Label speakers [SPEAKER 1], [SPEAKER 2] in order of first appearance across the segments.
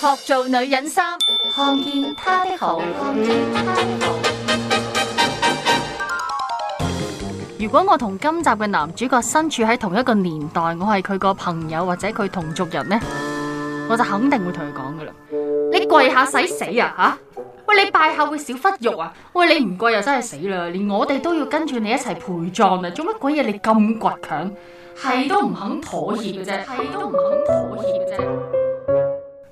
[SPEAKER 1] 學做女人衫，看見他的好，看見他的好。如果我同今集嘅男主角身處喺同一個年代，我係佢個朋友或者佢同族人呢，我就肯定會同佢講噶啦。你跪下使死啊吓！喂，你拜下會少忽肉啊！喂你唔、啊、跪又真係死啦，連我哋都要跟住你一齊陪葬啊！做乜鬼嘢你咁倔強，係都唔肯妥協啫，係都唔肯妥協啫。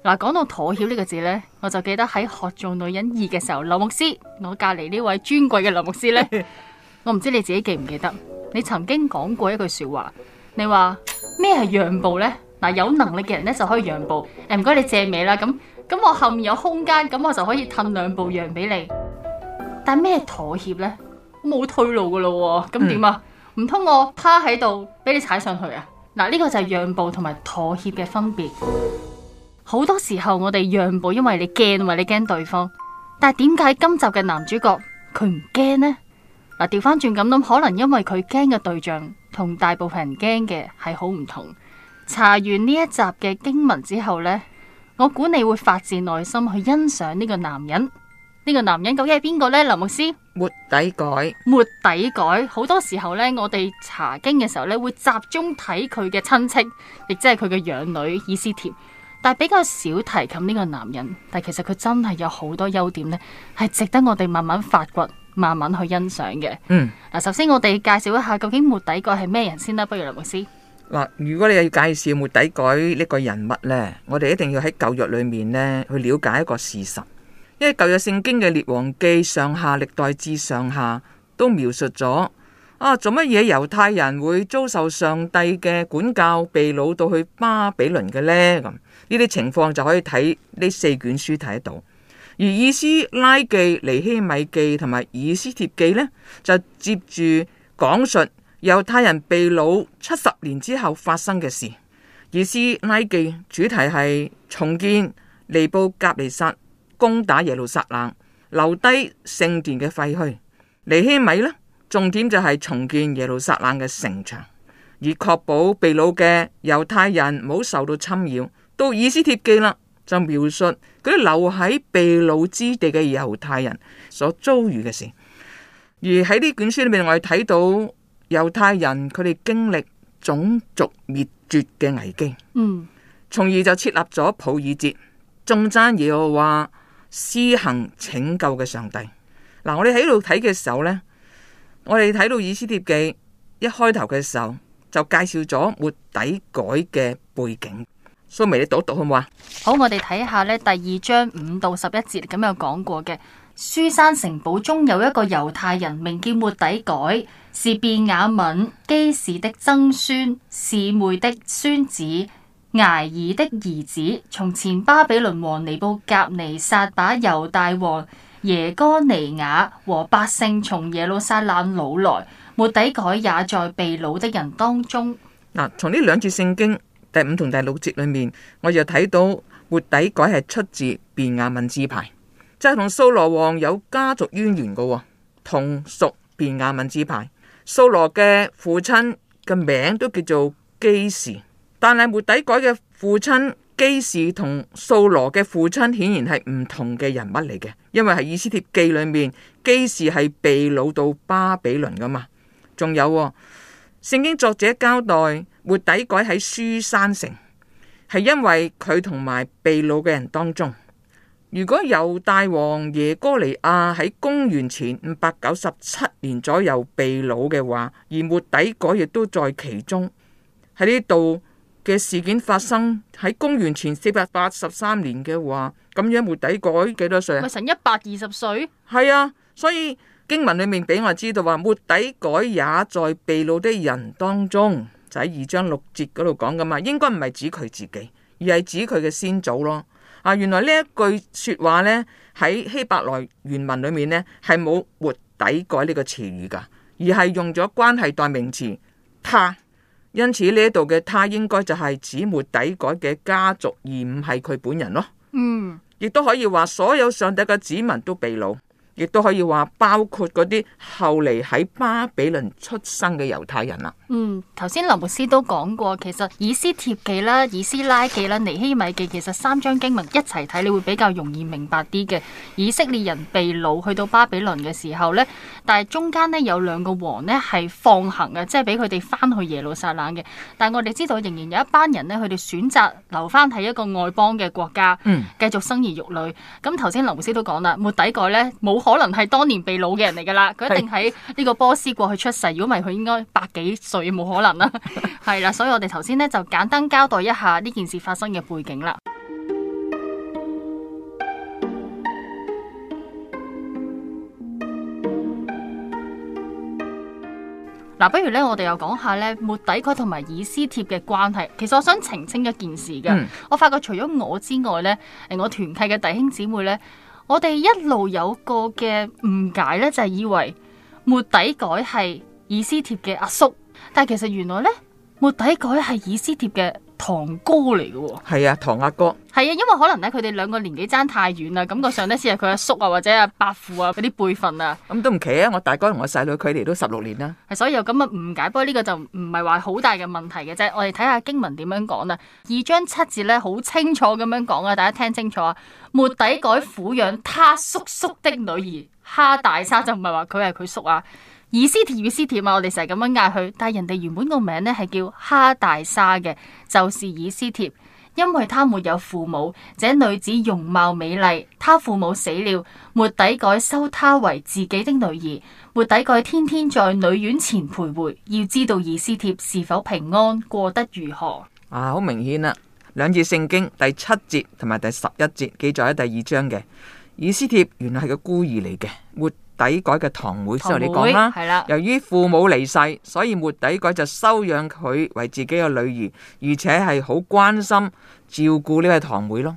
[SPEAKER 1] 嗱，講到妥協呢個字呢，我就記得喺學做女人二嘅時候，劉牧師，我隔籬呢位尊貴嘅劉牧師呢。 我唔知你自己記唔記得，你曾經講過一句說話，你話咩係讓步呢？嗱、啊，有能力嘅人咧就可以讓步，欸、唔該你借尾啦，咁咁我後面有空間，咁我就可以褪兩步讓俾你。但咩妥協咧？冇退路噶啦，咁點啊？唔通 我趴喺度俾你踩上去啊？嗱，呢個就係讓步同埋妥協嘅分別。好多時候我哋讓步因，因為你驚，或者你驚對方。但係點解今集嘅男主角佢唔驚呢？嗱，調翻轉咁諗，可能因為佢驚嘅對象同大部分人驚嘅係好唔同。查完呢一集嘅經文之後呢，我估你會發自內心去欣賞呢個男人。呢、呢個男人究竟係邊個呢？林牧師，末底改，末底改。好多時候呢，我哋查經嘅時候咧，會集中睇佢嘅親戚，亦即係佢嘅養女以斯帖。但係比較少提及呢個男人，但其實佢真係有好多優點呢係值得我哋慢慢發掘、慢慢去欣賞嘅。嗯，啊，首先我哋介紹一下究竟末底改係咩人先啦，不如劉牧師
[SPEAKER 2] 嗱。如果你要介紹末底改呢個人物呢，我哋一定要喺舊約裏面呢去了解一個事實，因為舊約聖經嘅列王記上下、歷代志上下都描述咗啊，做乜嘢猶太人會遭受上帝嘅管教，被擄到去巴比倫嘅呢。咁。呢啲情況就可以睇呢四卷書睇得到。而《以斯拉記》、《尼希米記》同埋《以斯帖記》呢，就接住講述猶太人被擄七十年之後發生嘅事。《以斯拉記》主題係重建尼布甲尼撒攻打耶路撒冷留低聖殿嘅廢墟，《尼希米》呢重點就係重建耶路撒冷嘅城牆，以確保被擄嘅猶太人唔好受到侵擾。到《以斯帖記》啦，就描述嗰啲留喺秘魯之地嘅猶太人所遭遇嘅事。而喺呢卷書裏面，我哋睇到猶太人佢哋經歷種族滅絕嘅危機，
[SPEAKER 1] 嗯，
[SPEAKER 2] 從而就設立咗普爾節。仲爭嘢話施行拯救嘅上帝嗱。我哋喺度睇嘅時候呢，我哋睇到《以斯帖記》一開頭嘅時候就介紹咗末底改嘅背景。蘇眉，你讀一讀好唔好啊？
[SPEAKER 1] 好，我哋睇下咧，第二章五到十一節咁有講過嘅，書山城堡中有一個猶太人，名叫末底改，是便雅憫基士的曾孫，士妹的孫子，埃兒的兒子。從前巴比倫王尼布甲尼撒，尼撒把猶大王耶哥尼雅和百姓從耶路撒冷擄來，末底改也在被擄的人當中。
[SPEAKER 2] 嗱，從呢兩節聖經。第五同第六節裏面，我就睇到末底改係出自便雅憫支派，即係同蘇羅王有家族淵源噶，同屬便雅憫支派，蘇羅嘅父親嘅名都叫做基士，但係末底改嘅父親基士同蘇羅嘅父親顯然係唔同嘅人物嚟嘅，因為係《以斯帖記》裏面基士係被擄到巴比倫噶嘛。仲有哦，聖經作者交代。末底改喺書珊城，係因為佢同埋被擄嘅人當中，如果猶大王耶哥尼亞喺公元前五百九十七年左右被擄嘅話，而末底改亦都在其中。喺呢度嘅事件發生喺公元前四百八十三年嘅話，咁樣末底改幾多歲啊？咪成一百二十歲。係啊，所以經文裏面俾我知道話，末底改也在被擄的人當中。就喺二章六節嗰度講噶嘛，應該唔係指佢自己，而係指佢嘅先祖咯。啊，原來呢一句說話呢，喺希伯來原文裏面呢，係冇末、末底改呢個詞語噶，而係用咗關係代名詞他，因此呢度嘅他應該就係指末底改嘅家族，而唔係佢本人咯。
[SPEAKER 1] 嗯，
[SPEAKER 2] 亦都可以話所有上帝嘅子民都被擄。亦都可以話包括嗰啲後嚟喺巴比倫出生嘅猶太人啦。嗯，
[SPEAKER 1] 頭先林牧師都講過，其實以斯帖記啦、以斯拉記啦、尼希米記，其實三章經文一齊睇，你會比較容易明白啲嘅。以色列人被擄去到巴比倫嘅時候呢，但係中間呢，有兩個王呢係放行嘅，即係俾佢哋翻去耶路撒冷嘅。但係我哋知道，仍然有一班人呢，佢哋選擇留翻喺一個外邦嘅國家，繼續生兒育女。咁頭先林牧師都講啦，末底改呢。冇。可能係當年被擄嘅人嚟噶啦，佢一定喺呢個波斯過去出世。如果唔係，佢應該百幾歲冇可能啦。係 啦，所以我哋頭先咧就簡單交代一下呢件事發生嘅背景啦。嗱、 啊，不如咧，我哋又講下咧，末底佢同埋以斯帖嘅關係。其實我想澄清一件事嘅，嗯、我發覺除咗我之外咧，誒，我團契嘅弟兄姊妹咧。我哋一路有個嘅誤解咧，就係、是、以為末底改係以斯帖嘅阿叔，但係其實原來咧，末底改係以斯帖嘅。堂哥嚟嘅喎，
[SPEAKER 2] 係啊，堂阿哥，
[SPEAKER 1] 係啊，因為可能咧，佢哋兩個年紀爭太遠啦，感覺上呢，似係佢阿叔啊，或者阿伯父啊，嗰啲輩分啊，
[SPEAKER 2] 咁、嗯、都唔奇啊，我大哥同我細佬佢離都十六年啦，
[SPEAKER 1] 係所以有咁嘅誤解，不過呢個就唔係話好大嘅問題嘅啫，我哋睇下經文點樣講啊。二章七字咧好清楚咁樣講啊，大家聽清楚啊，末底改撫養他叔叔的女兒哈大沙，就唔係話佢係佢叔啊。以斯帖與斯帖啊，我哋成日咁樣嗌佢，但係人哋原本個名呢係叫哈大沙嘅，就是以斯帖，因為他沒有父母。這女子容貌美麗，他父母死了，末底改收他為自己的女兒，末底改天天在女院前徘徊，要知道以斯帖是否平安，過得如何
[SPEAKER 2] 啊？好明顯啦，啊，兩節聖經第七節同埋第十一節記載喺第二章嘅，以斯帖原來係個孤兒嚟嘅，底改嘅堂妹，先嚟講啦。係啦，由於父母離世，所以末底改就收養佢為自己嘅女兒，而且係好關心照顧呢位堂妹咯。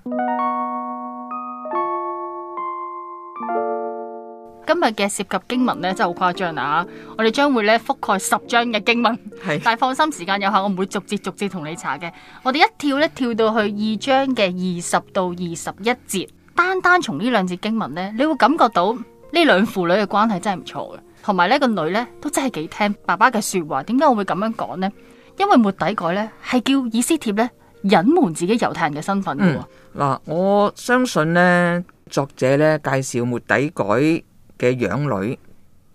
[SPEAKER 2] 今日嘅涉及經文咧，
[SPEAKER 1] 真係好誇張啊！我哋將會咧覆蓋十章嘅經文，係但係放心，時間有限，我唔會逐節逐節同你查嘅。我哋一跳咧跳到去二章嘅二十到二十一節，單單從呢兩節經文咧，你會感覺到。呢兩父女嘅關係真係唔錯嘅，同埋呢個女呢都真係幾聽爸爸嘅說話。點解我會咁樣講呢？因為末底改呢係叫以斯帖呢隱瞞自己猶太人嘅身份
[SPEAKER 2] 嗱、嗯，我相信呢作者呢介紹末底改嘅養女，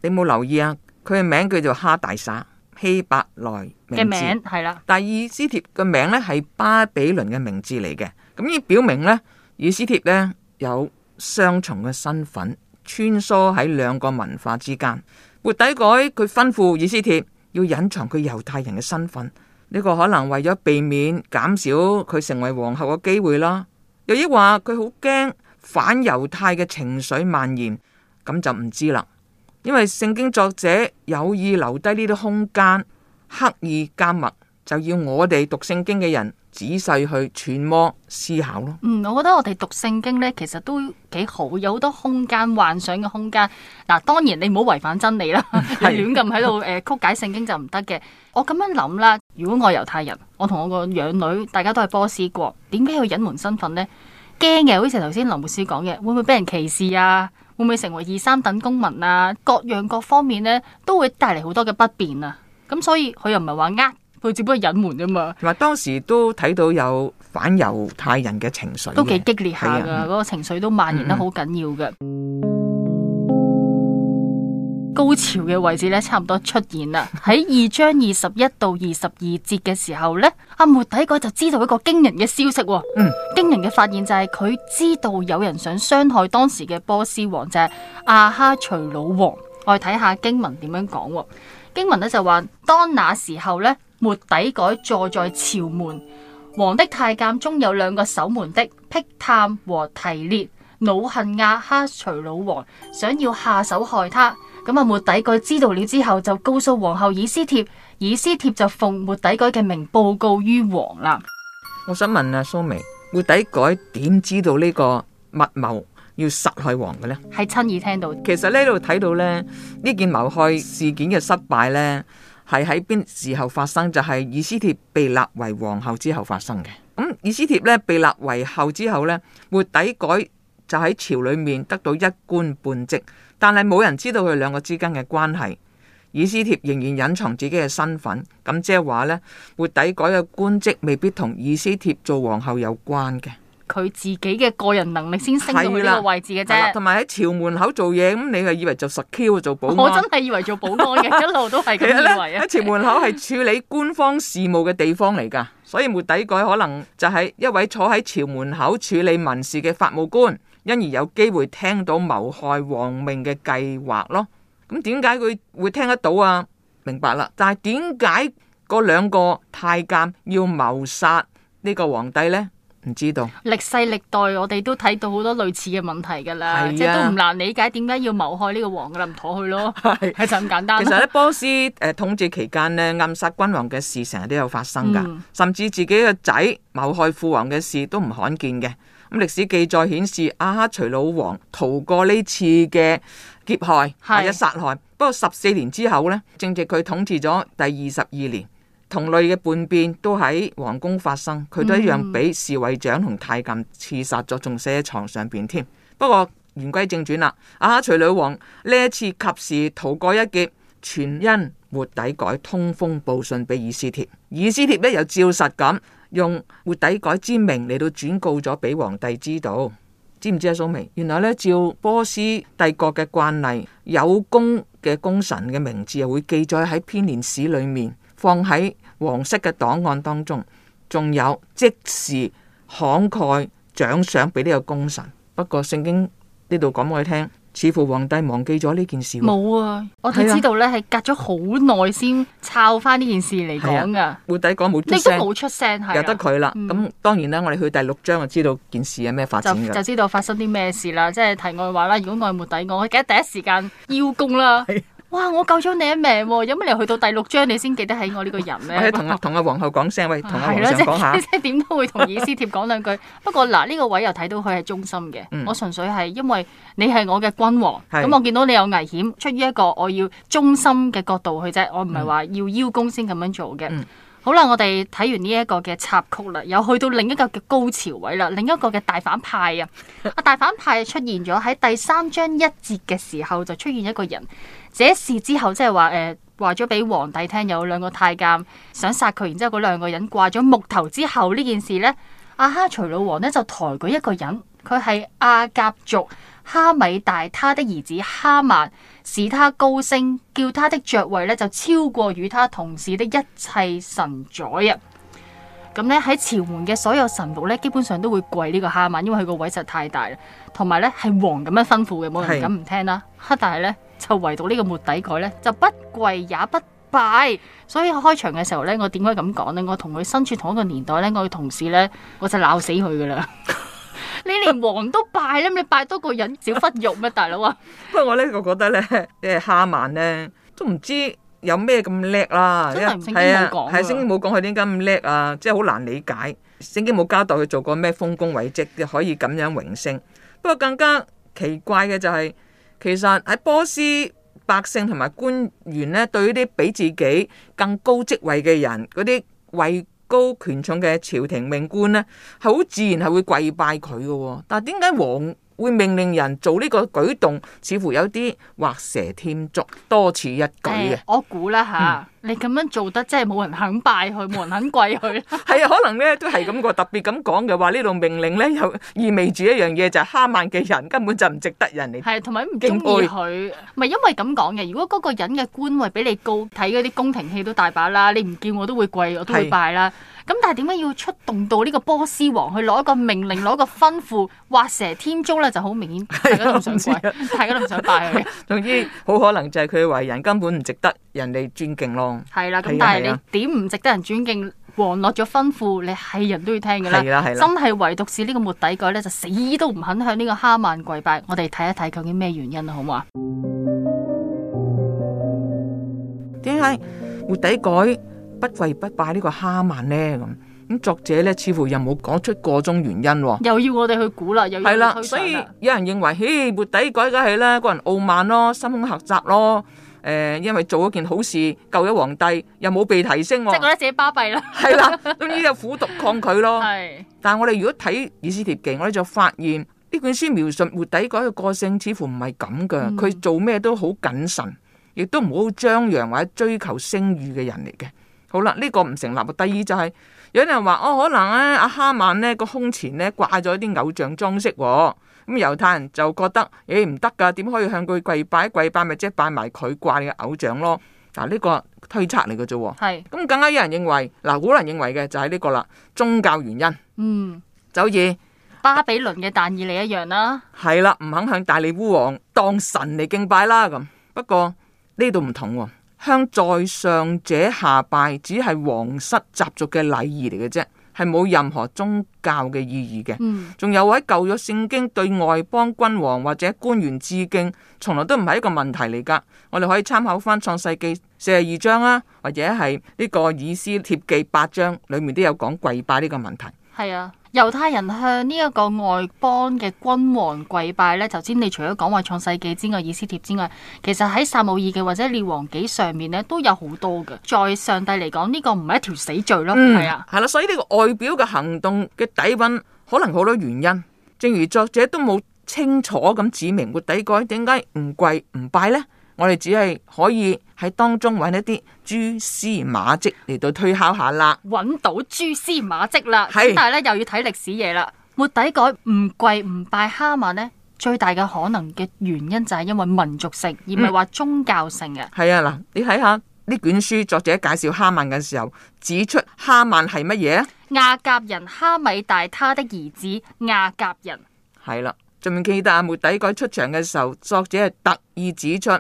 [SPEAKER 2] 你冇留意啊？佢嘅名叫做哈大撒，希伯來嘅名係啦，但以斯帖嘅名呢係巴比倫嘅名字嚟嘅。咁要表明呢以斯帖呢有雙重嘅身份，穿梭喺兩個文化之間，末底改佢吩咐以斯帖要隱藏佢猶太人嘅身份呢，個可能為咗避免減少佢成為皇后嘅機會啦，又亦話佢好驚反猶太嘅情緒蔓延，咁就唔知啦。因為聖經作者有意留低呢啲空間，刻意緘默就要我哋讀聖經嘅人，仔細去揣摩思考咯。嗯，
[SPEAKER 1] 我覺得我哋讀聖經咧，其實都幾好，有好多空間幻想嘅空間。嗱，當然你唔好違反真理啦，亂咁喺度誒曲解聖經就唔得嘅。我咁樣諗啦，如果我係猶太人，我同我個養女大家都係波斯國，點解要隱瞞身份呢？驚嘅，好似頭先林牧師講嘅，會唔會俾人歧視啊？會唔會成為二三等公民啊？各樣各方面呢，都會帶嚟好多嘅不便啊。咁所以佢又唔係話呃。佢只不過隱瞞吖嘛。
[SPEAKER 2] 嗱，當時都睇到有反猶太人嘅情緒，都幾激烈下噶，嗰的個
[SPEAKER 1] 情緒都蔓延得好緊要噶。嗯嗯，高潮嘅位置咧，差唔多出現啦。喺二章二十一到二十二節嘅時候咧，阿末、 啊、底哥就知道一個驚人嘅消息。嗯，驚人嘅發現就係佢知道有人想傷害當時嘅波斯王，就係、是、阿哈隨魯王。我哋睇下經文點樣講。經文咧就話，當那時候咧。末底改坐在朝門，王的太監中有兩個守門的，辟探和提列，惱恨亞哈隨魯王，想要下手害他。咁啊，末底改知道了之後，就告訴皇后以斯帖，以斯帖就奉末底改嘅名報告於
[SPEAKER 2] 王啦。我想問啊，蘇眉，末底改點知道呢個密謀要殺害王嘅呢？係親耳聽到。其實呢度睇到呢，呢件謀害事件嘅失敗呢。係喺邊時候發生？就係、是、以斯帖被立為皇后之後發生嘅。咁伊絲帖咧被立為后之後咧，末底改就喺朝裏面得到一官半職，但係冇人知道佢兩個之間嘅關係。以斯帖仍然隱藏自己嘅身份，咁即係話咧，末底改嘅官職未必同以斯帖做皇后有關嘅。
[SPEAKER 1] 佢自己嘅個人能力先升到呢個位置嘅啫，同
[SPEAKER 2] 埋喺朝門口做嘢，咁你係以為做 secure，做保安？我真
[SPEAKER 1] 係以為做保安嘅， 一路都係咁認為啊！喺
[SPEAKER 2] 朝門口係處理官方事務嘅地方嚟噶，所以沒底改可能就係一位坐喺朝門口處理民事嘅法務官，因而有機會聽到謀害皇命嘅計劃咯。咁點解佢會聽得到啊？明白啦，但係點解嗰兩個太監要謀殺呢個皇帝呢？唔知道
[SPEAKER 1] 歷世歷代我哋都睇到好多類似嘅問題㗎啦，啊、即係都唔難理解點解要謀害呢個王㗎啦，唔妥去咯，係就咁簡單。其實喺
[SPEAKER 2] 波斯誒統治期間呢，暗殺君王嘅事成日都有發生㗎，嗯、甚至自己個仔謀害父王嘅事都唔罕見嘅。咁歷史記載顯示，亞哈隨魯王逃過呢次嘅劫害或者殺害，是不過十四年之後呢，正值佢統治咗第二十二年。同類嘅叛變都喺皇宮發生，佢都一樣俾侍衛長同太監刺殺咗，仲死喺床上邊添。不過言歸正傳啦，啊，徐女王呢一次及時逃過一劫，全因末底改通風報信俾以斯帖。以斯帖呢又照實咁用末底改之名嚟到轉告咗俾皇帝知道，知唔知啊？蘇眉原來呢，照波斯帝國嘅慣例，有功嘅功臣嘅名字又會記載喺編年史裏面。放喺黃色嘅檔案當中，仲有即時慷慨獎賞俾呢個功臣。不過聖經呢度講我哋聽，似乎皇帝忘記咗呢件事、哦。冇
[SPEAKER 1] 啊，我哋知道呢係、啊、隔咗好耐先抄翻呢件事嚟講噶。
[SPEAKER 2] 冇底講冇，你都冇出
[SPEAKER 1] 聲，啊、由得佢
[SPEAKER 2] 啦。咁、嗯、當然啦，我哋去第六章就知道件事有咩發展就，就知
[SPEAKER 1] 道發生啲咩事啦。即係題外話啦，如果我係冇底，我我記得第一時間邀功啦。 哇！我救咗你一命、哦，有乜理由去到第六章你先記得起我呢個人咧？同阿
[SPEAKER 2] 同阿皇后講聲喂，同皇上講下，即係
[SPEAKER 1] 點都會同以斯帖講兩句。不過嗱，呢、這個位又睇到佢係忠心嘅，嗯、我純粹係因為你係我嘅君王，咁是我見到你有危險，出於一個我要忠心嘅角度去啫，我唔係話要邀功先咁樣做嘅。嗯、好啦，我哋睇完呢一個嘅插曲啦，又去到另一個嘅高潮位啦，另一個嘅大反派啊！阿 大反派出現咗喺第三章一節嘅時候，就出現一個人。這事之後，即係話誒話咗俾皇帝聽，有兩個太監想殺佢，然之後嗰兩個人掛咗木頭之後，呢件事呢，阿、啊、哈隨魯王呢就抬舉一個人，佢係亞甲族哈米大他的兒子哈曼，使他高升，叫他的爵位呢就超過與他同事的一切臣宰啊。咁咧喺朝門嘅所有臣僕咧，基本上都會跪呢個哈曼，因為佢個位實在太大啦，同埋咧係王咁樣吩咐嘅，冇人敢唔聽啦。哈是、啊！但係咧就唯獨呢個末底改咧就不跪也不拜，所以開場嘅時候咧，我點解咁講咧？我同佢身處同一個年代咧，我嘅同事咧，我就鬧死佢噶啦！ 你連王都拜啦，你拜多個人少忽肉咩？大佬啊！
[SPEAKER 2] 不過我呢我覺得咧，誒，哈曼咧都唔知。有咩咁叻啦？係啊，係聖經冇講佢點解咁叻啊，即係好難理解。聖經冇交代佢做過咩豐功偉績，可以咁樣榮升。不過更加奇怪嘅就係、是，其實喺波斯百姓同埋官員呢，對於啲比自己更高職位嘅人，嗰啲位高權重嘅朝廷命官呢，係好自然係會跪拜佢噶、哦。但係點解王會命令人做呢個舉動，似乎有啲畫蛇添足，多此一舉嘅。我
[SPEAKER 1] 估啦吓，你咁樣做得真係冇人肯拜佢，冇人肯跪佢。
[SPEAKER 2] 係啊，可能咧都係咁個特別咁講嘅話，呢度命令咧又意味住一樣嘢，就係哈曼嘅人根本就唔值得人嚟，係，同埋唔中意佢。
[SPEAKER 1] 唔係因為咁講嘅，如果嗰個人嘅官位比你高，睇嗰啲宮廷戲都大把啦。你唔叫我都會跪，我都會拜啦。咁但係點解要出動到呢個波斯王去攞一個命令，攞 一個吩咐，畫蛇添足咧就好明顯，大家都
[SPEAKER 2] 唔想跪， 大家都唔想拜嘅。 總之，好可能就係佢嘅為人根本唔值得人哋尊敬咯。
[SPEAKER 1] 係啦、 啊，咁但係你點唔值得人尊敬，王落咗吩咐，你係人都要聽噶啦。係啦、啊，啊啊、真係唯獨是呢個末底改咧，就死都唔肯向呢個哈曼跪拜。我哋睇一睇究竟咩原因啦，好唔好
[SPEAKER 2] 啊？點解末底改？不跪不拜呢個哈曼咧咁咁，作者咧似乎又冇講出個中原因、哦又，
[SPEAKER 1] 又要我哋去估啦，又要去想啦。
[SPEAKER 2] 所以有人認為，嘿，末底改梗係啦，個人傲慢咯，心胸狹窄咯，誒、呃，因為做咗件好事救咗皇帝，又冇被提升、哦，即係覺得自己巴閉啦。係 啦，終於又苦毒抗拒咯。係的，但係我哋如果睇《以斯帖記》，我哋就發現呢本書描述末底改嘅個性，似乎唔係咁噶。佢、嗯、做咩都好謹慎，亦都唔好張揚或者追求聲譽嘅人嚟嘅。 好啦，呢、這個唔成立。第二就係、是、有人話哦，可能咧、啊、阿哈曼咧個胸前咧掛咗啲偶像裝飾、哦，咁、嗯、猶太人就覺得誒唔得噶，點可以向佢跪拜？跪拜咪即係拜埋佢掛你嘅偶像咯？嗱，呢個推測嚟嘅啫。係咁是、嗯，更加有人認為嗱，古、啊、人認為嘅就係呢個啦，宗教原因。嗯，就好、是、
[SPEAKER 1] 似巴比倫嘅但以理一樣啦、
[SPEAKER 2] 啊。係啦、嗯，唔肯向大利烏王當神嚟敬拜啦。咁不過呢度唔同。向在上者下拜只係皇室習俗嘅禮儀嚟嘅啫，係冇任何宗教嘅意義嘅。嗯，仲有位舊約聖經對外邦君王或者官員致敬，從來都唔係一個問題嚟噶。我哋可以參考翻創世記四十二章啊，或者係呢、這個以斯帖記八章，裏面都有講跪拜呢個問題。
[SPEAKER 1] 係啊。猶太人向呢一個外邦嘅君王跪拜咧，頭先你除咗講話創世記之外，以斯帖之外，其實喺撒母耳記或者列王記上面咧都有好多嘅。在上帝嚟講，呢、這個唔係一條死罪咯，係、嗯、啊，係啦、啊，所以呢個
[SPEAKER 2] 外表嘅行動嘅底蘊，可能好多原因。正如作者都冇清楚咁指明，末底改點解唔跪唔拜咧？我哋只係可以喺當中揾一啲蛛絲馬迹嚟到推敲下啦，揾到蛛絲馬
[SPEAKER 1] 迹啦，是但係咧又要睇歷史嘢啦。末底改唔跪唔拜哈曼呢，最大嘅可能嘅原因就係因為民族性，而唔係話宗教性嘅。係、
[SPEAKER 2] 嗯、啊，嗱，你睇下呢卷書作者介紹哈曼嘅時候，指出哈曼係乜嘢？
[SPEAKER 1] 亞甲人哈米大他的兒子亞甲人。
[SPEAKER 2] 係啦、啊。順便記得阿、啊、末底改出場嘅時候，作者係特意指出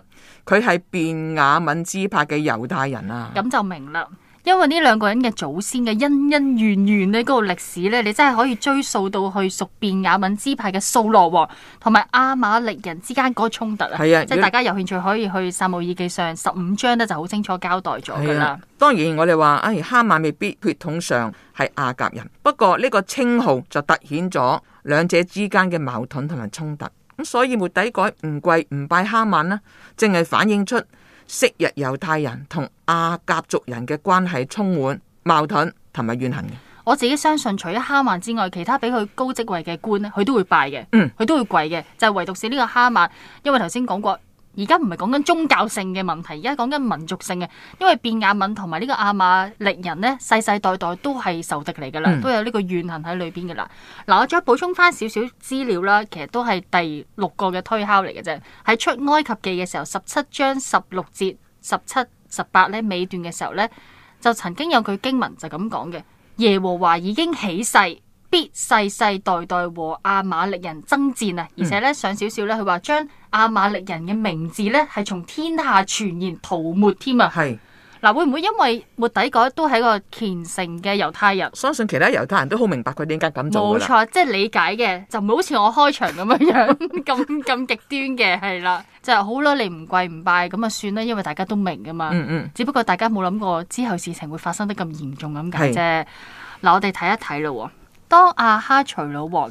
[SPEAKER 2] 佢係便雅憫支派嘅猶太人啊，
[SPEAKER 1] 咁就明啦。因為呢兩個人嘅祖先嘅恩恩怨怨呢嗰個歷史呢，你真係可以追溯到去屬便雅憫支派嘅掃羅王同埋亞瑪力人之間嗰個衝突啊！係啊的，即係大家有興趣可以去《撒母耳記上》十五章呢就好清楚交代咗噶啦。
[SPEAKER 2] 當然我哋話，哎哈曼未必血統上係亞甲人，不過呢個稱號就凸顯咗兩者之間嘅矛盾同埋衝突。咁所以末底改唔跪唔拜哈曼呢，淨係反映出。昔日猶太人同亞甲族人嘅關係充滿矛盾同埋怨恨嘅。
[SPEAKER 1] 我自己相信除咗哈曼之外，其他比佢高職位嘅官咧，佢都會拜嘅，嗯，佢都會跪嘅，就係唯獨是呢個哈曼，因爲頭先講過。而家唔係講緊宗教性嘅問題，而家講緊民族性嘅，因為便雅憫同埋呢個亞瑪力人呢，世世代代代都係仇敵嚟噶啦，嗯、都有呢個怨恨喺裏邊噶啦。嗱，我再補充翻少少資料啦，其實都係第六個嘅推敲嚟嘅啫。喺出埃及記嘅時候，十七章十六節十七十八咧尾段嘅時候呢，就曾經有句經文就咁講嘅：耶和華已經起誓。必世世代代和阿瑪力人爭戰啊！而且咧上少少咧，佢話將阿瑪力人嘅名字咧係從天下傳言塗抹添啊！係嗱是，會唔會因為末底改都係個虔誠嘅猶太人？相信其
[SPEAKER 2] 他猶太人都好明白佢點解咁做。冇錯，
[SPEAKER 1] 即係理解嘅，就唔會好似我開場咁樣樣咁咁極端嘅係啦。就係好啦，你唔跪唔拜咁啊算啦，因為大家都明噶嘛。只不過大家冇諗過之後事情會發生得咁嚴重咁解啫。嗱，我哋睇一睇咯。當阿哈隨魯王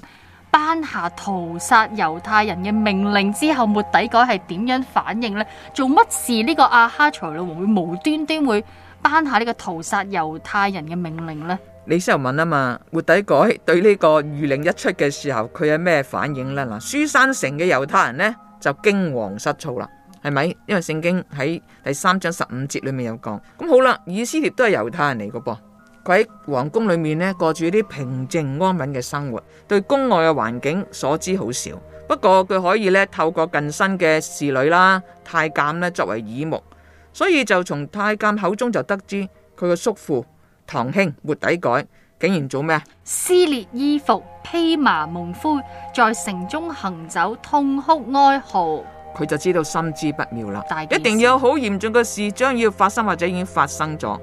[SPEAKER 1] 頒下屠殺猶太人嘅命令之後，末底改係點樣反應呢？做乜事呢個阿哈隨魯王會無端端會頒下呢個屠殺猶太人嘅命令呢？
[SPEAKER 2] 李先又問啊嘛，末底改對呢個諭令一出嘅時候，佢有咩反應呢？嗱，書山城嘅猶太人呢，就驚惶失措啦，係咪？因為聖經喺第三章十五節裏面有講，咁好啦，以斯帖都係猶太人嚟噶噃。佢喺皇宮裏面咧過住啲平靜安穩嘅生活，對宮外嘅環境所知好少。不過佢可以咧透過近身嘅侍女啦、太監咧作為耳目，所以就從太監口中就得知佢個叔父、堂兄末底改竟然做咩
[SPEAKER 1] 撕裂衣服，披麻蒙灰、在城中行走，
[SPEAKER 2] 痛哭哀嚎。佢就知道心知不妙啦，一定要有好嚴重嘅事將要發生或者已經發生咗。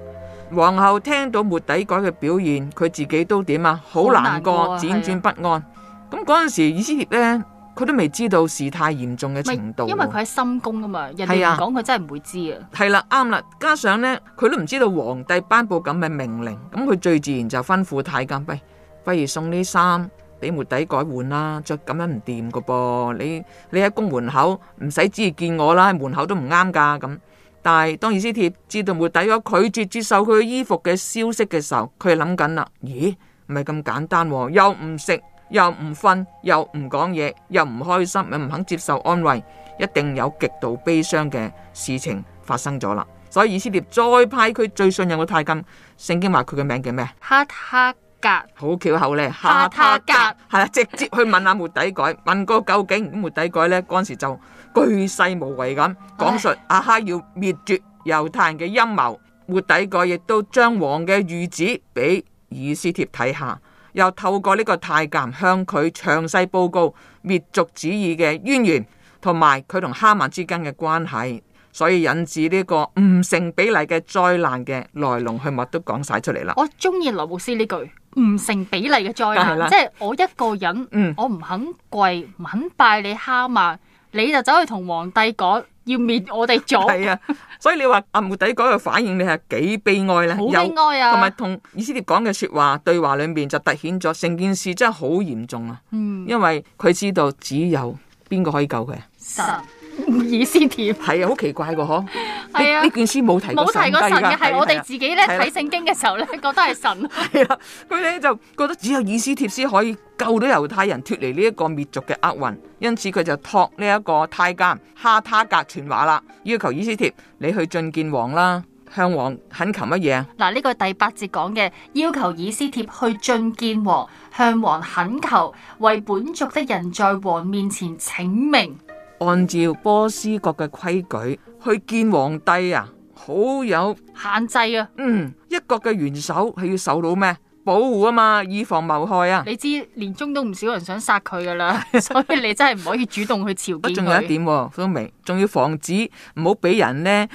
[SPEAKER 2] 皇后聽到末底改嘅表現，佢自己都點啊？好難過，輾轉、啊、不安。咁嗰陣時，以斯帖呢，佢都未知道事態嚴重嘅程度。因為佢喺
[SPEAKER 1] 深宮啊嘛，人哋唔講佢真係唔會知
[SPEAKER 2] 啊。係啦，啱啦。加上呢，佢都唔知道皇帝頒布咁嘅命令，咁佢最自然就吩咐太監，喂，不如送啲衫俾末底改換啦，着咁樣唔掂噶噃。你你喺宮門口唔使旨意見我啦，喺門口都唔啱噶咁。但係當以斯帖知道末底改拒絕接受佢衣服嘅消息嘅時候，佢諗緊啦，咦，唔係咁簡單，啊，又唔食，又唔瞓，又唔講嘢，又唔開心，又唔肯接受安慰，一定有極度悲傷嘅事情發生咗啦。所以以斯帖再派佢最信任嘅太監，聖經話佢嘅名叫咩？
[SPEAKER 1] 哈特
[SPEAKER 2] 好巧口咧，哈他格係啊，直接去問下末底改， 問過究竟末底改呢，嗰陣時就巨世無為咁講述阿 Okay.、啊、哈要滅絕猶太人嘅陰謀，末底改亦都將王嘅諭旨俾以斯帖睇下，又透過呢個太監向佢詳細報告滅族主義嘅淵源，同埋佢同哈曼之間嘅關係，所以引致呢個唔成比例嘅災難嘅來龍去脈都講晒出嚟啦。我
[SPEAKER 1] 中意羅布斯呢句。唔成比例嘅災難，即係我一個人，嗯、我唔肯跪，唔肯拜你哈嘛，你就走去同皇帝講要滅我哋族。係啊，
[SPEAKER 2] 所以你話阿穆底嗰個反應你係幾悲哀咧？好悲哀啊！同埋同以色列講嘅說話對話裏面就凸顯咗成件事真係好嚴重啊！嗯、因為佢知道只有邊個可以救佢，神。嗯以斯帖係 啊，好奇怪噶嗬？呢呢卷書冇提過神嘅，係我哋自己咧睇聖
[SPEAKER 1] 經嘅時候咧，覺得係神。係
[SPEAKER 2] 啦、 啊，佢咧就覺得只有以斯帖先可以救到猶太人脱離呢一個滅族嘅厄運，因此佢就託呢一個太監哈他格傳話啦，要求以斯帖你去覲見王啦，向王懇求乜嘢
[SPEAKER 1] 啊？嗱，呢個第八節講嘅，要求以斯帖去覲見王，向王懇求為本族的人在王面前,面前
[SPEAKER 2] 請命。按照波斯國嘅規矩，去見皇帝啊，好有限制啊。嗯，一國嘅元首係要受到咩保護啊嘛，以防謀害啊。你知，連中都唔少人想殺佢噶啦， 所以你真係唔可以主動去朝見佢。仲、啊、有一點、點、啊，蘇明，仲要防止唔好俾人呢。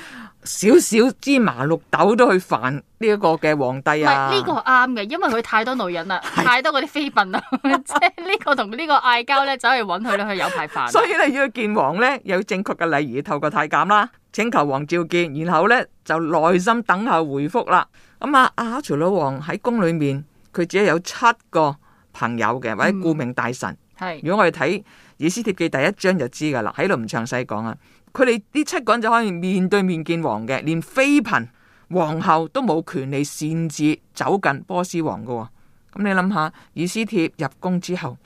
[SPEAKER 2] 少少芝麻綠豆都去煩呢一個嘅皇帝啊！呢、這個
[SPEAKER 1] 啱嘅，因為佢太多女人啦，是太多嗰啲妃嬪啦，即係 呢個同呢個嗌交咧，走去揾佢咧，佢有排煩。 所以你
[SPEAKER 2] 要去見王咧，有正確嘅禮儀，透過太監啦，請求王召見，然後咧就耐心等候回覆啦。咁、嗯、啊，阿朝老王喺宮裏面，佢只係有七個朋友嘅，或者顧命大臣。係、嗯，如果我哋睇《以斯帖記》第一章就知噶啦，喺度唔詳細講啊。佢哋呢七個人就可以面對面見王嘅，連妃嬪皇后都冇權利擅自走近波斯王嘅喎。咁你諗下，以斯帖入宮之後，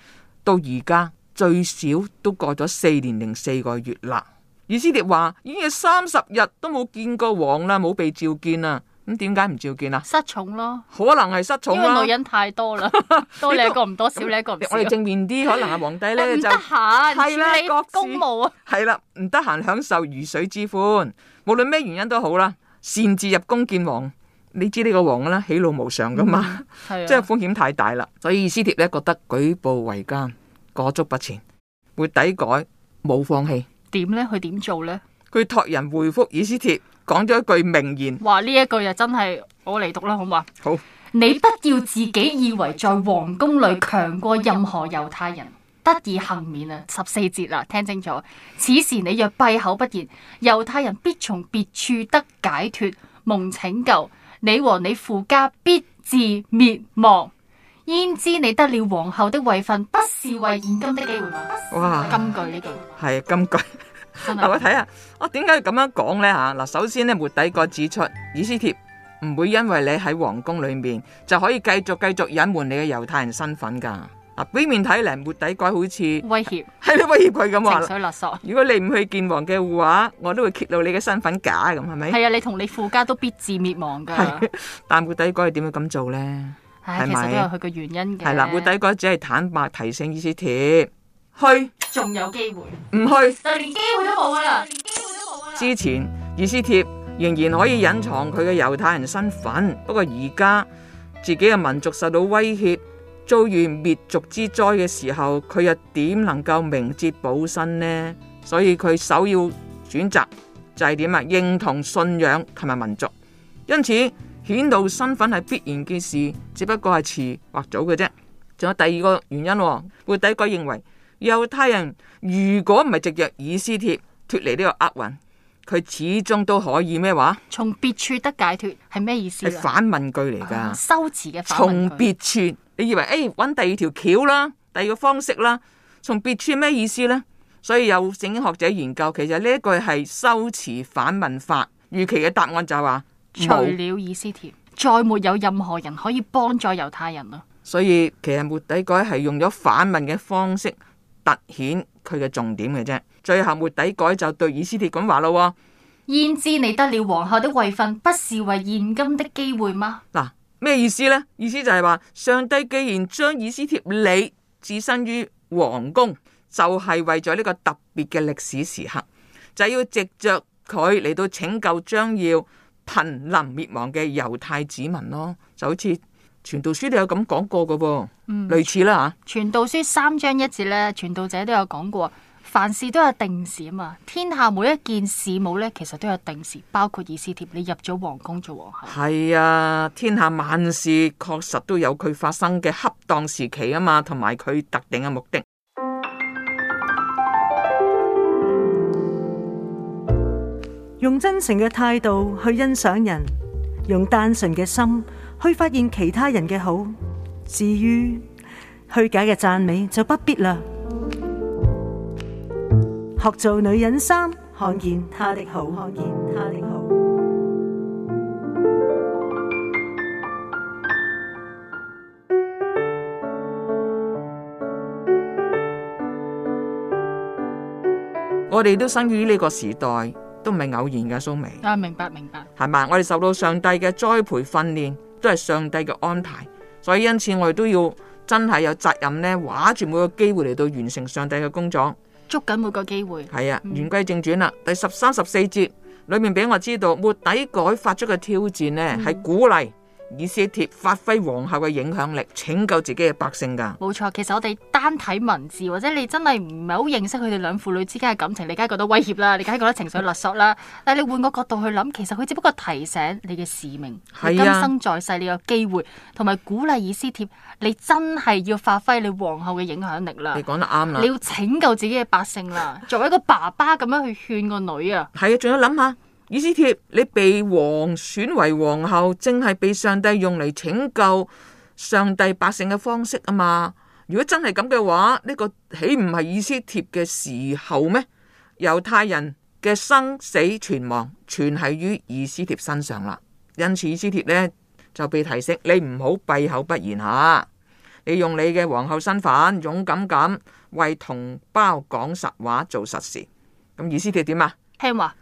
[SPEAKER 2] 到而家最少都過咗四年零四個月啦。以斯帖話已經有三十日都冇見過王啦，冇被召見啦。咁點解唔召見啊？失寵咯，可能係失寵啦。因為女人
[SPEAKER 1] 太多啦，多你一個唔多少你一個。我哋正面啲，可能係皇帝咧就唔得閒處理。係啦，國
[SPEAKER 2] 公務啊，係啦，唔得閒享受魚水之歡。無論咩原因都好啦，擅自入宮見王，你知呢個王啦，喜怒無常噶嘛，即係風險太大啦。所以，以斯帖咧覺得舉步維艱，裹足不前，會抵改冇放棄。點咧？佢點做咧？佢託人回覆以斯帖。講咗一句名言，
[SPEAKER 1] 話呢一句又真係，我嚟讀啦，好唔好？好，你不要自己以為在皇宮裏強過任何猶太人，得以幸免啊！十四節啦，聽清楚，此時你若閉口不言，猶太人必從別處得解脱，蒙拯救，你和你父家必至滅亡。焉知你得了皇后的位分，不是為現今的機會是是哇！金句呢
[SPEAKER 2] 句。係金句。嗱，我睇下，我點解要咁樣講咧？吓？嗱，首先咧，末底改指出，以斯帖唔會因為你喺皇宮裏面就可以繼續繼續隱瞞你嘅猶太人身份噶。嗱，表面睇嚟，末底改好似威脅，係咧威脅佢咁話，情緒勒索。如果你唔去見王嘅話，我都會揭露你嘅身份假咁，係咪？係啊，你同你父家都必致滅亡噶。但末底改係點樣咁做咧？係咪？其實都有佢
[SPEAKER 1] 嘅原因嘅。係啦，末底改
[SPEAKER 2] 只係坦白提醒以斯帖。
[SPEAKER 1] 去仲有機會，唔去就連機會都冇噶啦，連機會都冇啦。
[SPEAKER 2] 之前，以斯帖仍然可以隱藏佢嘅猶太人身份，不過而家自己嘅民族受到威脅，遭遇滅族之災嘅時候，佢又點能夠明哲保身呢？所以佢首要選擇就係點啊認同信仰同埋民族，因此顯露身份係必然嘅事，只不過係遲或早嘅啫。仲有第二個原因，哦，會第一個認為。猶太人如果唔係藉着以斯帖脫離呢個厄運，佢始終都可以咩話？從別處得解脱係咩意思？係反問句嚟噶，修辭嘅。從別處，你以為誒揾、欸、第二條橋啦，第二個方式啦，從別處咩意思呢？所以有聖經學者研究，其實呢一句係修辭反問法。預期嘅答案就係、是、話，除了
[SPEAKER 1] 以斯帖，再沒有任何人可以幫助猶太人咯。
[SPEAKER 2] 所以其實末底改係用咗反問嘅方式。突顯佢嘅重點嘅啫，最後末底改就對以斯帖咁話咯，
[SPEAKER 1] 焉知你得了皇后的位分，不是為現今的機會嗎？
[SPEAKER 2] 嗱，咩意思呢？意思就係話，上帝既然將以斯帖你置身於皇宮，就係為咗呢個特別嘅歷史時刻，就要藉着佢嚟到拯救將要瀕臨滅亡嘅猶太子民咯，就好似。傳道書都有咁講過噶，嗯、類似啦吓。
[SPEAKER 1] 傳道書三章一節咧，傳道者都有講過，凡事都有定時啊嘛。天下每一件事務咧，其實都有定時，包括以斯帖你入咗皇宮做王。
[SPEAKER 2] 係啊、嗯，天下萬事確實都有佢發生嘅恰當時期啊嘛，同埋佢特定嘅目的。
[SPEAKER 1] 用真誠嘅態度去欣賞人，用單純嘅心。去發現其他人嘅好，至於虛假嘅讚美就不必啦。學做女人三，看見她的好。
[SPEAKER 2] 我哋都生於呢個時代，都唔係偶然嘅，蘇眉。
[SPEAKER 1] 啊，明白明
[SPEAKER 2] 白。係咪？我哋受到上帝嘅栽培訓練。都係上帝嘅安排，所以因此我哋都要真係有責任呢，畫住每個機會嚟到完成上帝嘅工作，捉緊
[SPEAKER 1] 每個機會。
[SPEAKER 2] 係啊，言歸正傳啦，嗯、第十三、十四節裏面俾我知道，末底改發出嘅挑戰呢，係、嗯、鼓勵。以斯帖發揮皇后嘅影響力，拯救自己嘅百姓㗎。
[SPEAKER 1] 冇錯，其實我哋單睇文字，或者你真係唔係好認識佢哋兩父女之間嘅感情，你梗係覺得威脅啦，你梗係覺得情緒勒索啦。但係你換個角度去諗，其實佢只不過提醒你嘅使命，今生在世你有機會，同埋鼓勵以斯帖，你真係要發揮你皇后嘅影響力啦。你講得啱啦，你要拯救自己嘅百姓啦。
[SPEAKER 2] 作為一個爸爸咁樣去勸個女啊，係啊， 仲要諗下。以斯帖，你被皇選為皇后，正係被上帝用嚟拯救上帝百姓嘅方式啊嘛！如果真係咁嘅話，呢個豈唔係以斯帖嘅時候咩？猶太人嘅生死存亡，全係於以斯帖身上啦。因此，以斯帖呢，就被提醒：你唔好閉口不言吓，你用你嘅皇后身份，勇敢咁為同胞講實話、做實事。咁，以斯帖點啊？聽話。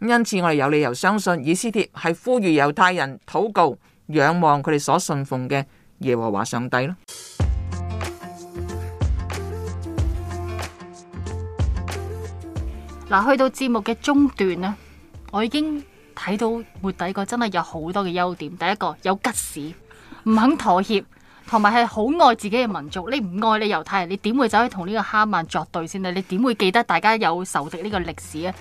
[SPEAKER 2] 因此我哋有理由相信，以斯帖係呼籲猶太人禱告、仰望佢哋所信奉嘅耶和華上帝咯。
[SPEAKER 1] 嗱，去到節目嘅中段啊，我已經睇到末底改真係有好多嘅優點。第一個，有吉士，唔肯妥協，同埋係好愛自己嘅民族。你唔愛你猶太人，你點會走去同呢個哈曼作對先呢？你點會記得大家有仇敵呢個歷史呢？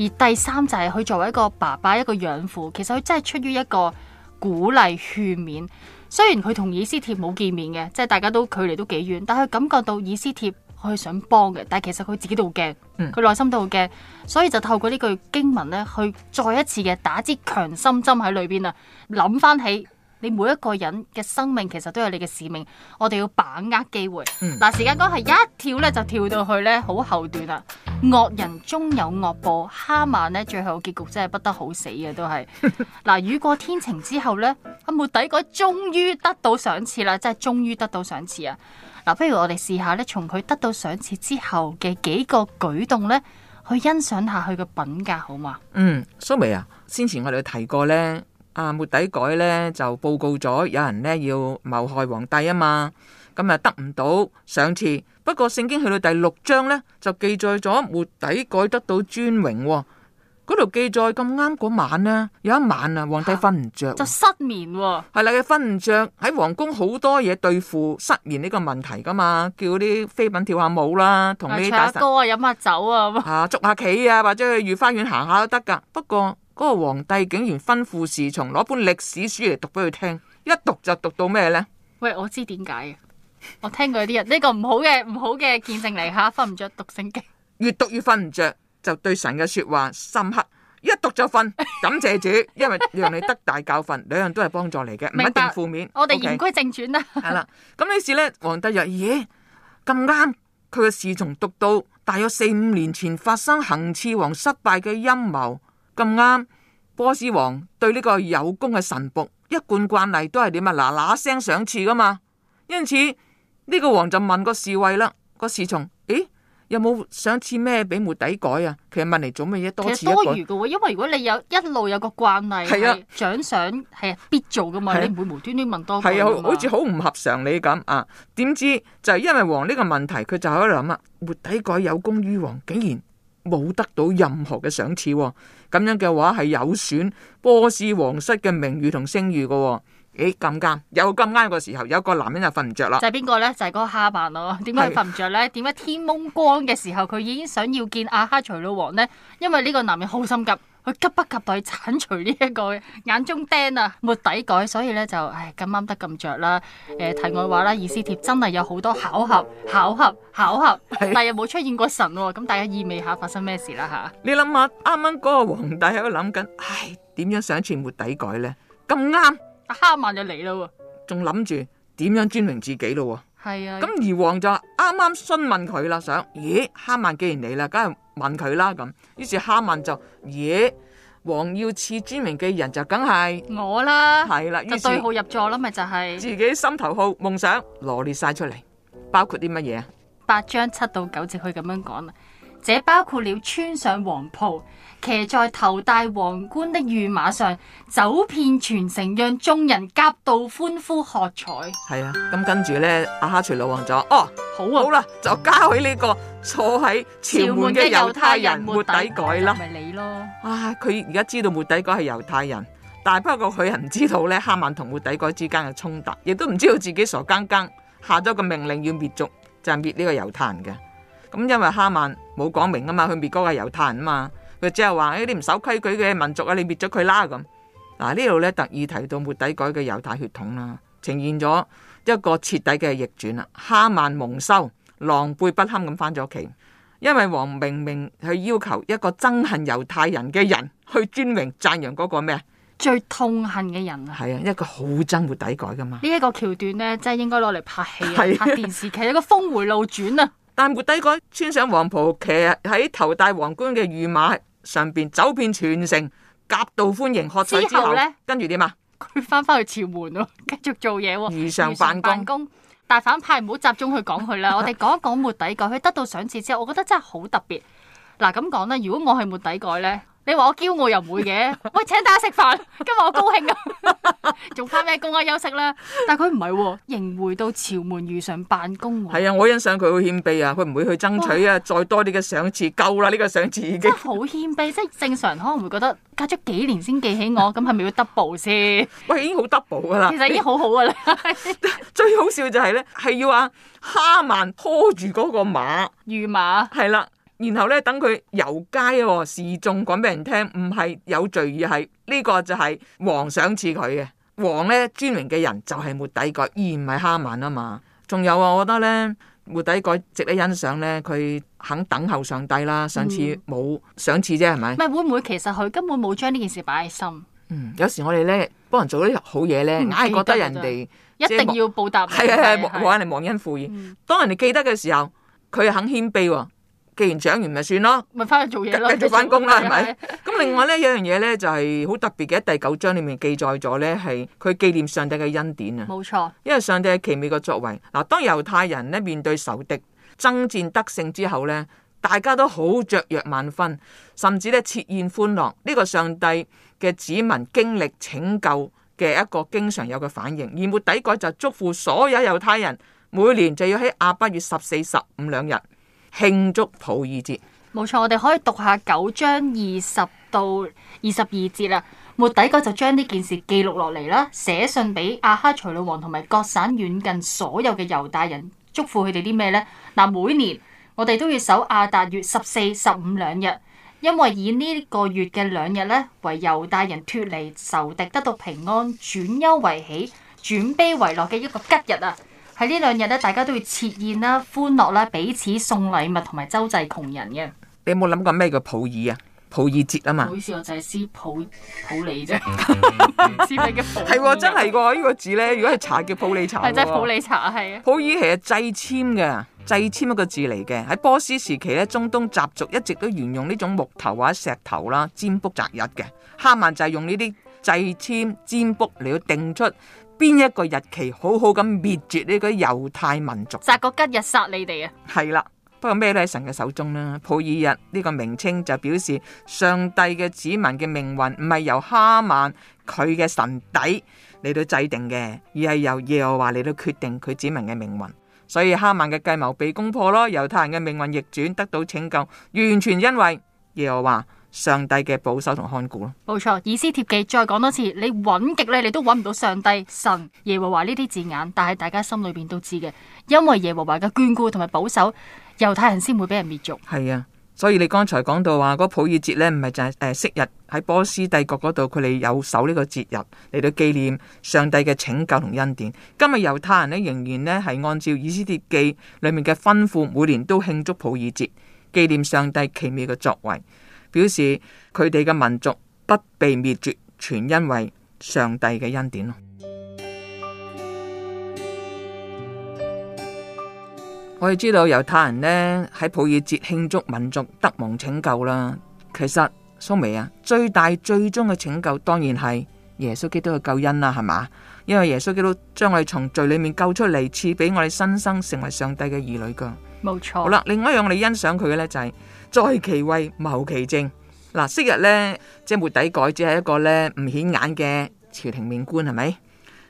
[SPEAKER 1] 而第三就係、是、佢作為一個爸爸，一個養父，其實佢真係出於一個鼓勵勸勉。雖然佢同以斯帖冇見面嘅，即係大家都距離都幾遠，但佢感覺到以斯帖佢想幫嘅，但係其實佢自己都好驚，佢內心都好驚，所以就透過呢句經文咧，去再一次嘅打支強心針喺裏邊啊，諗翻起。你每一個人嘅生命其實都有你嘅使命，我哋要把握機會。嗱、嗯啊，時間講係一跳咧就跳到去咧好後段啦。惡人終有惡報，哈曼呢最後結局真係不得好死嘅都係。嗱、啊，雨過天晴之後呢，阿末底改終於得到賞賜啦，真係終於得到賞賜啊！嗱，不如我哋試下咧，從佢得到賞賜之後嘅幾個舉動咧，去欣賞下佢嘅品格好嘛？嗯，
[SPEAKER 2] 蘇眉啊，先前我哋提過咧。啊，末底改咧就報告咗有人咧要謀害皇帝啊嘛，咁、嗯、啊得唔到賞賜。不過聖經去到第六章咧就記載咗末底改得到尊榮、啊。嗰度記載咁啱嗰晚呢，有一晚啊，皇帝瞓唔着，就
[SPEAKER 1] 失眠、啊。
[SPEAKER 2] 係啦，佢瞓唔着喺皇宮好多嘢對付失眠呢個問題噶嘛，叫啲妃嬪跳下舞啦、啊，同啲打歌啊，飲下酒啊，吓、 啊、捉下棋啊，或者去御花園行下、啊、都得噶。不過。嗰個皇帝竟然吩咐侍從攞本歷史書嚟讀俾佢聽，一讀就讀到咩呢？
[SPEAKER 1] 喂，我知點解呀，我聽過啲人呢個唔好嘅唔好嘅見證嚟吓，瞓唔着讀聖經，
[SPEAKER 2] 越讀越瞓唔着，就對神嘅說話深刻。一讀就瞓，感謝主，因為讓你得大教訓，兩樣都係幫助嚟嘅，唔 一定負面。白 Okay 我哋言歸
[SPEAKER 1] 正傳啦，係 啦。
[SPEAKER 2] 咁呢次呢，皇帝又咦咁啱佢嘅侍從讀到大約四五年前發生行刺王失敗嘅陰謀。咁啱，波斯王對呢個有功嘅臣僕，一貫慣例都係點啊，嗱嗱聲賞賜噶嘛。因此呢、這個王就問個侍衛啦，個侍從，誒，有冇賞賜咩俾末底改啊？其實問嚟做乜嘢？多，其實多餘嘅
[SPEAKER 1] 喎，因為如果你有一路有個慣例係獎賞，係必做噶嘛，啊、你唔會無端端問多。係啊，啊，好似
[SPEAKER 2] 好唔合常理咁啊。點知就係因為王呢個問題，佢就喺度諗啊，末底改有功於王，竟然。冇得到任何嘅賞賜，哦，咁樣嘅話係有損波斯皇室嘅名譽同聲譽嘅，哦。誒、哎，咁啱有咁啱嘅時候，有一個男人就瞓唔着啦。就係邊
[SPEAKER 1] 個呢？就係、是、嗰個哈曼咯。點解佢瞓唔着呢？點解 天蒙光嘅時候佢已經想要見亞哈隨魯王呢？因為呢個男人好心急。佢急不及待鏟除呢、這、一個眼中釘啊，末底改，所以咧就唉咁啱得咁着啦。誒、呃，題外話啦，以斯帖真係有好多巧合，巧合，巧合，但又冇出現過神、啊，咁大家意味下發生咩事啦、啊、吓？
[SPEAKER 2] 啊、你諗下，啱啱嗰個皇帝喺度諗緊，唉，點樣上一次末底改咧？
[SPEAKER 1] 咁啱，阿哈曼就嚟啦、啊，
[SPEAKER 2] 仲諗住點樣尊榮自己咯、啊？係啊，咁而王就啱啱詢問佢啦，想咦，哈曼既然嚟啦，梗係問佢啦咁。於是哈曼就咦，王要賜知名嘅人就梗係我啦。係啦了，就對號入座啦，咪就係自己心頭好夢想羅列晒出嚟，包括啲乜嘢啊？八章七到九節佢
[SPEAKER 1] 咁樣講啦。這包括了穿上黃袍，騎在頭戴皇冠的御馬上，走遍全城，讓眾人夾道歡呼喝彩。
[SPEAKER 2] 係啊，咁跟住呢，亞哈隨魯王就哦好啊，好啦了，嗯、就加喺呢、這個坐喺朝門嘅猶太人末底，底改啦。咪
[SPEAKER 1] 你咯，啊，
[SPEAKER 2] 佢而家知道末底改係猶太人，但係不過佢係唔知道呢，哈曼同末底改之間嘅衝突，亦都唔知道自己傻更更下咗個命令要滅族，就係、滅呢個猶太人嘅。咁因為哈曼。冇講明啊嘛，佢滅嗰個猶太人啊嘛，佢只係話你唔守規矩嘅民族啊，你滅咗佢啦咁。嗱、啊、呢度咧特意提到末底改嘅猶太血統啦，呈現咗一個徹底嘅逆轉啦。哈曼蒙羞，狼狽不堪咁翻咗屋企，因為王明明去要求一個憎恨猶太人嘅人去尊榮讚揚嗰個咩啊？最痛恨嘅人啊！係啊，一個好憎末底改噶嘛。橋呢一個橋
[SPEAKER 1] 段咧，真係應該攞嚟拍戲啊，啊拍
[SPEAKER 2] 電視劇一個峰回路轉啊！ 但末底改穿上黃袍，騎喺頭戴皇冠嘅御馬上邊，走遍全城，夾道歡迎，喝彩之後咧，後跟住點啊？佢翻翻去朝門咯，繼續做嘢喎，如常辦，辦
[SPEAKER 1] 公。大反派唔好集中去講佢啦， 我哋講一講末底改。佢得到賞賜之後，我覺得真係好特別。嗱咁講咧，如果我係末底改咧。你話我驕傲又唔會嘅，喂，請大家食飯，今日我高興啊，仲翻咩工啊，休息啦。但係佢唔係喎，仍回到朝門遇上辦公。係
[SPEAKER 2] 啊，我欣賞佢好謙卑啊，佢唔會去爭取啊，哇再多啲嘅賞賜夠啦，呢、這個賞賜已經。真係
[SPEAKER 1] 好謙卑，即係正常人可能會覺得隔咗幾年先記起我，咁係咪要 double 先？喂，已經好 double 噶啦。其實已經好好噶啦。你
[SPEAKER 2] 最好笑就係咧，係要阿哈曼拖住嗰個馬御馬，係啦。然後咧，等佢遊街、哦、示眾，講俾人聽，唔係有罪，而係呢個就係王賞賜佢嘅。王咧尊榮嘅人就係末底改，而唔係哈曼啊嘛。仲有啊，我覺得咧，末底改值得欣賞咧，佢肯等候上帝啦。上次冇賞賜啫，係咪？唔係、
[SPEAKER 1] 嗯、會唔會其實佢根本冇將呢件事擺喺心？嗯，
[SPEAKER 2] 有時我哋咧幫人做啲好嘢咧，硬係覺得人哋、嗯、
[SPEAKER 1] 一定要報答人，係係係，冇可
[SPEAKER 2] 能忘恩負義。嗯、當人哋記得嘅時候，佢肯謙卑。嗯既然獎完咪算咯，
[SPEAKER 1] 咪翻去繼做嘢啦，繼續翻工啦，係咪、嗯？
[SPEAKER 2] 咁另外呢，有樣嘢呢，就係好特別嘅。喺第九章裏面記載咗呢，係佢紀念上帝嘅恩典啊！冇錯錯，因為上帝係奇妙嘅作為嗱，當猶太人呢面對仇敵爭戰得勝之後呢，大家都好雀躍萬分，甚至呢，設宴歡樂。呢個上帝嘅子民經歷拯救嘅一個經常有嘅反應，而末底改就祝福所有猶太人，每年就要喺阿八月十四十五兩日。慶祝普珥節，
[SPEAKER 1] 冇錯，我哋可以讀下九章二十到二十二節啦。末底改就將呢件事記錄落嚟啦，寫信俾阿哈隨魯王同埋各省遠近所有嘅猶大人，祝福佢哋啲咩呢？嗱，每年我哋都要守亞達月十四、十五兩日，因為以呢個月嘅兩日呢，為猶大人脱離仇敵、得到平安、轉憂為喜、轉悲為樂嘅一個吉日啊！喺呢兩日咧，大家都要設宴啦、歡樂啦，彼此送禮物同埋周
[SPEAKER 2] 濟窮人嘅。你有冇諗過咩叫普洱啊？普洱節啊嘛。唔好意思，我就係識普普洱啫，識係喎，真係喎，呢 個字咧，如果係茶，叫普洱茶。係即係普洱
[SPEAKER 1] 茶係啊。普洱其實
[SPEAKER 2] 制籤嘅，制籤一個字嚟嘅。喺波斯時期咧，中東習俗一直都沿用呢種木頭或者石頭啦、占卜擇日嘅。哈曼就係用呢啲制籤占卜嚟到定出。邊一個日期好好咁滅絕呢個猶太民族？殺個吉日殺你哋啊！係啦，不過咩都喺神嘅手中啦。普爾日呢個名稱就表示上帝嘅子民嘅命運唔係由哈曼佢嘅神底嚟到制定嘅，而係由耶和華嚟到決定佢子民嘅命運。所以哈曼嘅計謀被攻破咯，猶太人嘅命運逆轉，得到拯救，完全因為耶和華。上帝嘅保守同看顧咯，
[SPEAKER 1] 冇錯。以斯帖記再講多次，你揾極咧，你都揾唔到上帝、神、耶和華呢啲字眼。但係大家心裏邊都知嘅，因為耶和華嘅眷顧同埋保守，猶太人先會俾人滅
[SPEAKER 2] 族。係啊，所以你剛才講到話嗰、那個、普爾節呢，唔係就係昔日喺波斯帝國嗰度，佢哋有守呢個節日嚟到紀念上帝嘅拯救同恩典。今日猶太人呢，仍然呢係按照以斯帖記裏面嘅吩咐，每年都慶祝普爾節，紀念上帝奇妙嘅作為。表示佢哋嘅民族不被滅絕，全因為上帝嘅恩典 我哋知道猶太人呢喺普珥節慶祝民族得蒙拯救啦。其實蘇眉啊,最大最終嘅拯救當然係耶穌基督嘅救恩啦，係嘛？因為耶穌基督將我哋從罪裏面救出嚟，賜俾我哋新生，成為上帝嘅兒女噶。冇錯，好啦，另外一樣我哋欣賞佢嘅，呢就係、是、在其位謀其政。嗱、啊，昔日呢，即係末底改只係一個呢唔顯眼嘅朝廷命官係咪？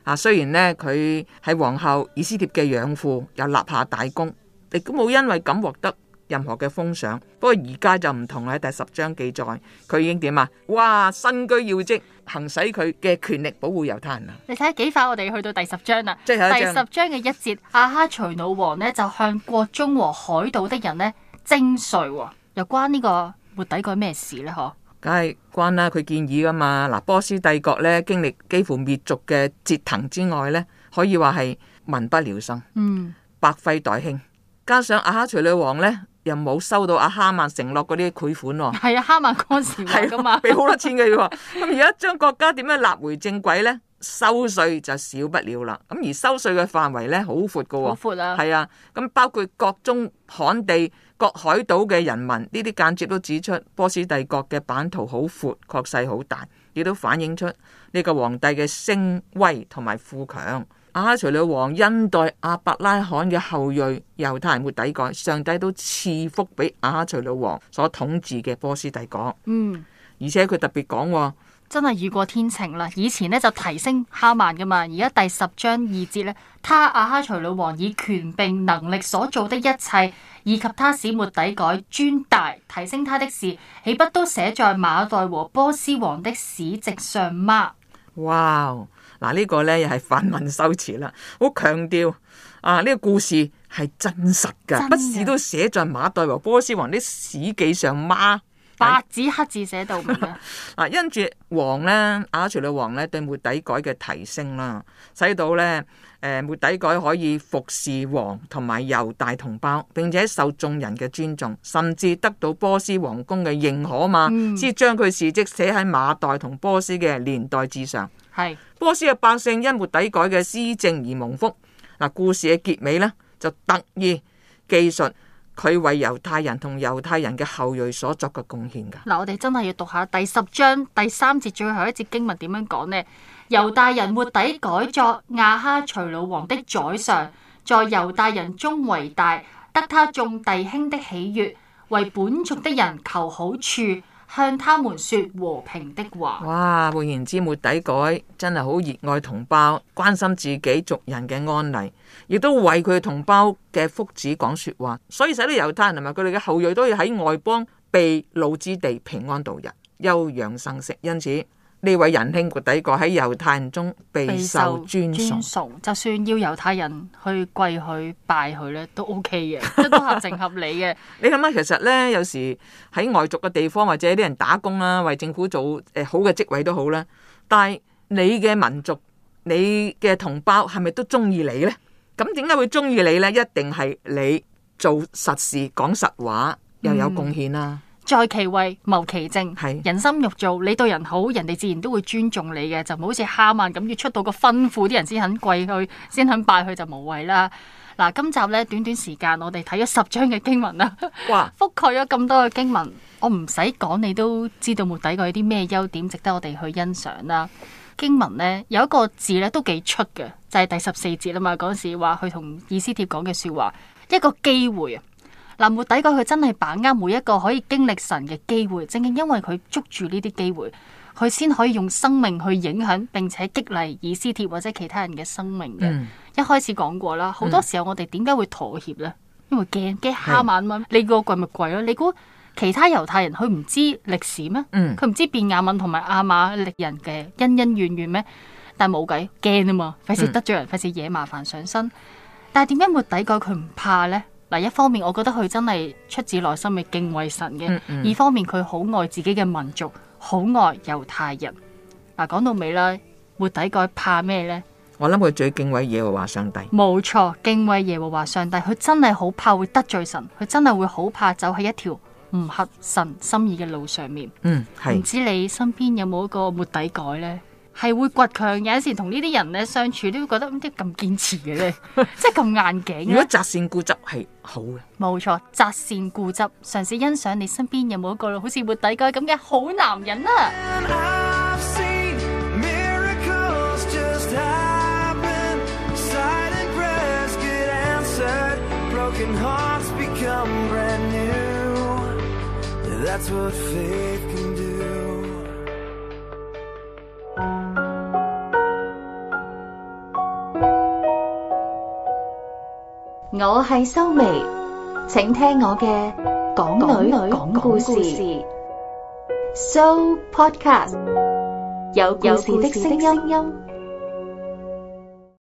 [SPEAKER 2] 啊，雖然呢，佢喺皇后以斯帖嘅養父，又立下大功，亦都冇因為咁獲得。任何嘅封賞，不過而家就唔同。喺第十章記載，佢已經點啊？哇！身居要職，行使佢嘅權力保護猶太人
[SPEAKER 1] 啊！你睇下幾快，我哋去到第十章啦。即係第十章嘅一節，亞哈隨魯王呢，就向國中和海島的人咧徵稅，又關呢個末底改咩事呢？嗬，梗
[SPEAKER 2] 係關啦，佢建議噶嘛嗱。波斯帝國呢，經歷幾乎滅族嘅折騰之外呢，可以話係民不聊生，嗯，百廢待興，加上亞哈隨魯王呢。又冇收到阿哈曼承諾嗰啲賄款喎，啊，係啊，哈曼嗰時係噶嘛，俾好多錢嘅喎。咁而家將國家點樣立回正軌呢？收稅就少不了啦。咁而收稅嘅範圍呢，好闊噶，好闊啊！係啊，咁、啊、包括各中旱地、各海島嘅人民，呢啲間接都指出波斯帝國嘅版圖好闊，確實好大，亦都反映出呢個皇帝嘅聲威同埋富強。亞哈隨魯王恩待阿伯拉罕嘅後裔猶太人末底改，上帝都賜福俾亞哈隨魯王所統治嘅波斯帝國。嗯，而且佢特別講，
[SPEAKER 1] 真係雨過天晴啦！以前呢就提升哈曼噶嘛，而家第十章二節呢，他亞哈隨魯王以權柄能力所做的一切，以及他使末底改專大提升他的事，豈不都寫在馬代和波斯王的史籍上嗎？
[SPEAKER 2] 哇！嗱，呢個呢又係泛民修辭啦，好強調啊！呢、這個故事係真實噶，的不時都寫在馬代和波斯王啲史記上，孖白紙黑字寫到。因住 王呢，阿徐女王呢，對末底改嘅提升啦，使到呢誒末底改可以服侍王同埋猶大同胞，並且受眾人嘅尊重，甚至得到波斯王宮嘅認可嘛，先將佢事蹟寫喺馬代同波斯嘅年代志上。係是波斯嘅百姓因末底改嘅施政而蒙福。嗱，故事嘅結尾呢，就特意記述佢為猶太人同猶太人嘅後裔所作嘅貢獻嘅。
[SPEAKER 1] 嗱，我哋真係要讀下第十章第三節最後一節經文點樣講呢？猶大人末底改作亞哈隨魯王的宰相，在猶大人中為大，得他眾弟兄的喜悦，為本族的人求好處。向他們說和平的話。
[SPEAKER 2] 哇，換言之，末底改真係好熱愛同胞，關心自己族人嘅安危，亦都為佢同胞嘅福祉講說話。所以使到猶太人同埋佢哋嘅後裔都要喺外邦被擄之地平安度日，休養生息。因此。呢位仁兄國底個喺猶太人中備受尊崇，
[SPEAKER 1] 尊就算要猶太人去跪佢拜佢咧、OK，都 O K 嘅，都合情合理嘅。
[SPEAKER 2] 你諗下，其實咧有時喺外族嘅地方或者啲人打工啦、啊，為政府做誒好嘅職位都好啦。但係你嘅民族、你嘅同胞係咪都中意你咧？咁點解會中意你咧？一定係你做實事、講實話，又有貢獻啦、啊。嗯
[SPEAKER 1] 在其位，謀其政。的人心欲做，你對人好，人哋自然都會尊重你嘅，就唔好似哈曼咁要出到個吩咐，啲人先肯跪佢，先肯拜佢，就無謂啦。嗱、啊，今集呢，短短時間，我哋睇咗十章嘅經文啦，哇 覆蓋咗咁多嘅經文，我唔使講，你都知道末底改有啲咩優點值得我哋去欣賞啦。經文呢，有一個字呢都幾出嘅，就係、是、第十四節啦嘛。嗰時話佢同以斯帖講嘅説話，一個機會啊！嗱，末底改佢真係把握每一個可以經歷神嘅機會，正正因為佢捉住呢啲機會，佢先可以用生命去影響並且激勵以斯帖或者其他人嘅生命嘅。嗯、一開始講過啦，好多時候我哋點解會妥協咧？因為驚驚哈曼問：呢個貴咪貴咯？你估其他猶太人佢唔知歷史咩？佢唔、嗯、知便雅憫同埋亞瑪力人嘅恩恩怨怨咩？但係冇計，驚啊嘛！費事得罪人，費事惹麻煩上身。但係點解末底改佢唔怕咧？嗱，一方面我覺得佢真係出自內心嘅敬畏神嘅。嗯嗯、二方面佢好愛自己嘅民族，好愛猶太人。嗱，講到尾啦，末底改怕咩呢？
[SPEAKER 2] 我諗佢最敬畏耶和華上帝。
[SPEAKER 1] 冇錯，敬畏耶和華上帝，佢真係好怕會得罪神，佢真係會好怕走喺一條唔合神心意嘅路上面。嗯，
[SPEAKER 2] 係。唔知
[SPEAKER 1] 你身邊有冇一個末底改呢？係會倔強，有時同呢啲人咧相處，都會覺得點解咁堅持嘅咧？ 即係咁硬頸。如果擇
[SPEAKER 2] 善固執係好嘅，
[SPEAKER 1] 冇錯，擇善固執，嘗試欣賞你身邊有冇一個好似活底哥咁嘅好男人啦，
[SPEAKER 2] 啊。
[SPEAKER 1] 我係修眉，請聽我嘅港女講故事，港女講故事，So Podcast 有故事的聲音。